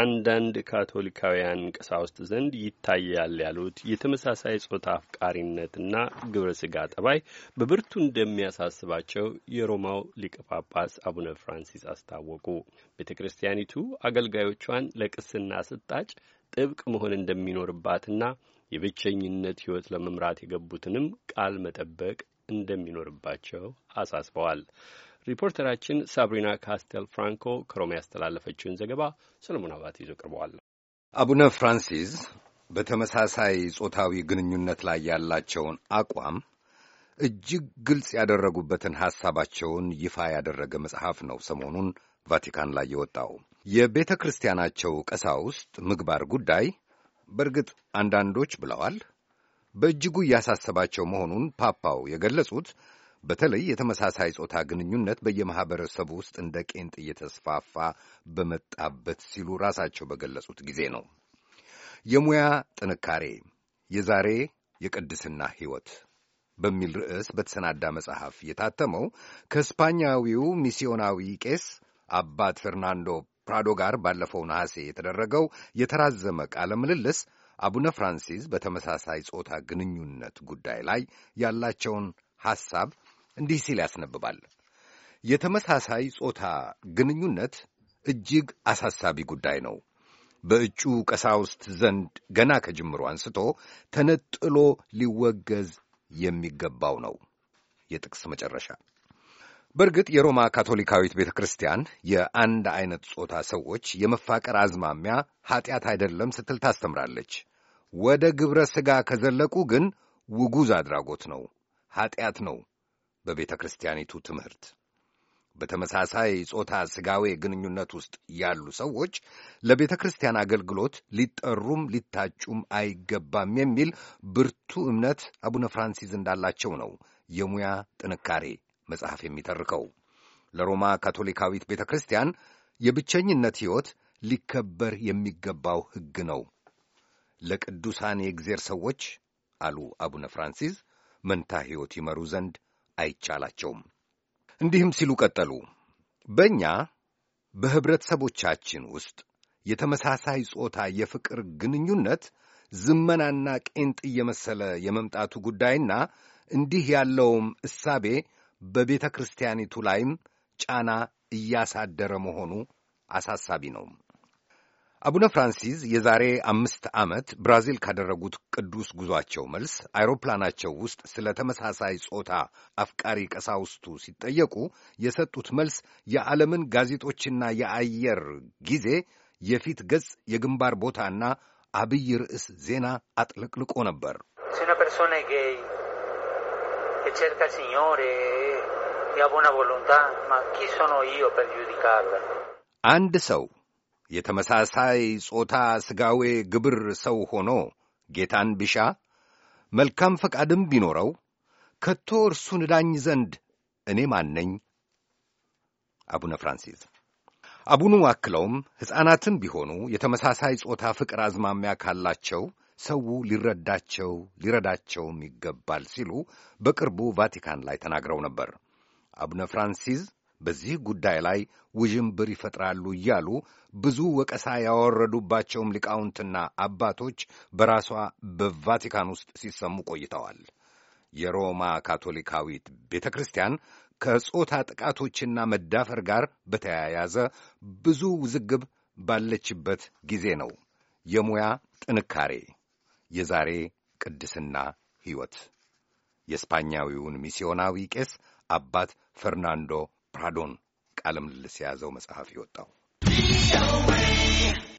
አንዳንድ ካቶሊካውያን ቀሳውስት ዘንድ ይታያል ያሉት የተመሳሳይ ጾታ አፍቃሪነትና ግብረ ስጋ ጠባይ በብርቱ እንደሚያሳስባቸው የሮማው ሊቀ ጳጳስ አቡነ ፍራንሲስ አስታወቁ። ቤተ ክርስቲያኒቱ አገልጋዮቿን ለቅስና ስጣጭ ጥብቅ መሆን እንደሚኖርባትና የብቸኝነት ሕይወት ለመምራት የገቡትንም ቃል መጠበቅ እንደሚኖርባቸው አሳስበዋል። ሪፖርተራችን ሳብሪና ካስተል ፍራንኮ ከሮም ያስተላለፈችውን ዘገባ ሰለሞን አባት ይዞ ቀርበዋል። አቡነ ፍራንሲስ በተመሳሳይ ጾታዊ ግንኙነት ላይ ያላቸውን አቋም እጅግ ግልጽ ያደረጉበትን ሐሳባቸውን ይፋ ያደረገ መጽሐፍ ነው ሰሞኑን ቫቲካን ላይ የወጣው። የቤተ ክርስቲያናቸው ቀሳውስት ምግባር ጉዳይ በእርግጥ አንዳንዶች ብለዋል በእጅጉ እያሳሰባቸው መሆኑን ፓፓው የገለጹት በተለይ የተመሳሳይ ጾታ ግንኙነት በየማኅበረሰቡ ውስጥ እንደ ቄንጥ እየተስፋፋ በመጣበት ሲሉ ራሳቸው በገለጹት ጊዜ ነው። የሙያ ጥንካሬ የዛሬ የቅድስና ሕይወት በሚል ርዕስ በተሰናዳ መጽሐፍ የታተመው ከስፓኛዊው ሚስዮናዊ ቄስ አባት ፌርናንዶ ፕራዶ ጋር ባለፈው ነሐሴ የተደረገው የተራዘመ ቃለ ምልልስ አቡነ ፍራንሲስ በተመሳሳይ ጾታ ግንኙነት ጉዳይ ላይ ያላቸውን ሐሳብ እንዲህ ሲል ያስነብባል። የተመሳሳይ ጾታ ግንኙነት እጅግ አሳሳቢ ጉዳይ ነው። በእጩ ቀሳውስት ዘንድ ገና ከጅምሮ አንስቶ ተነጥሎ ሊወገዝ የሚገባው ነው። የጥቅስ መጨረሻ። በእርግጥ የሮማ ካቶሊካዊት ቤተ ክርስቲያን የአንድ አይነት ጾታ ሰዎች የመፋቀር አዝማሚያ ኀጢአት አይደለም ስትል ታስተምራለች። ወደ ግብረ ሥጋ ከዘለቁ ግን ውጉዝ አድራጎት ነው፣ ኀጢአት ነው በቤተ ክርስቲያኒቱ ትምህርት። በተመሳሳይ ጾታ ሥጋዌ ግንኙነት ውስጥ ያሉ ሰዎች ለቤተ ክርስቲያን አገልግሎት ሊጠሩም ሊታጩም አይገባም የሚል ብርቱ እምነት አቡነ ፍራንሲስ እንዳላቸው ነው የሙያ ጥንካሬ መጽሐፍ የሚተርከው። ለሮማ ካቶሊካዊት ቤተ ክርስቲያን የብቸኝነት ሕይወት ሊከበር የሚገባው ሕግ ነው። ለቅዱሳን የእግዜር ሰዎች አሉ አቡነ ፍራንሲስ መንታ ሕይወት ይመሩ ዘንድ አይቻላቸውም። እንዲህም ሲሉ ቀጠሉ። በእኛ በኅብረተሰቦቻችን ውስጥ የተመሳሳይ ጾታ የፍቅር ግንኙነት ዝመናና ቄንጥ እየመሰለ የመምጣቱ ጉዳይና እንዲህ ያለውም እሳቤ በቤተ ክርስቲያኒቱ ላይም ጫና እያሳደረ መሆኑ አሳሳቢ ነው። አቡነ ፍራንሲስ የዛሬ አምስት ዓመት ብራዚል ካደረጉት ቅዱስ ጉዟቸው መልስ አይሮፕላናቸው ውስጥ ስለ ተመሳሳይ ጾታ አፍቃሪ ቀሳውስቱ ሲጠየቁ የሰጡት መልስ የዓለምን ጋዜጦችና የአየር ጊዜ የፊት ገጽ የግንባር ቦታና አብይ ርዕስ ዜና አጥለቅልቆ ነበር። አንድ ሰው የተመሳሳይ ጾታ ሥጋዌ ግብር ሰው ሆኖ ጌታን ቢሻ መልካም ፈቃድም ቢኖረው ከቶ እርሱን እዳኝ ዘንድ እኔ ማነኝ? አቡነ ፍራንሲስ አቡኑ አክለውም ሕፃናትም ቢሆኑ የተመሳሳይ ጾታ ፍቅር አዝማሚያ ካላቸው ሰው ሊረዳቸው ሊረዳቸውም ይገባል ሲሉ በቅርቡ ቫቲካን ላይ ተናግረው ነበር። አቡነ ፍራንሲስ በዚህ ጉዳይ ላይ ውዥንብር ይፈጥራሉ እያሉ ብዙ ወቀሳ ያወረዱባቸውም ሊቃውንትና አባቶች በራሷ በቫቲካን ውስጥ ሲሰሙ ቆይተዋል። የሮማ ካቶሊካዊት ቤተ ክርስቲያን ከጾታ ጥቃቶችና መዳፈር ጋር በተያያዘ ብዙ ውዝግብ ባለችበት ጊዜ ነው የሙያ ጥንካሬ የዛሬ ቅድስና ሕይወት የስፓኛዊውን ሚስዮናዊ ቄስ አባት ፈርናንዶ ራዶን ቃለ ምልልስ የያዘው መጽሐፍ የወጣው።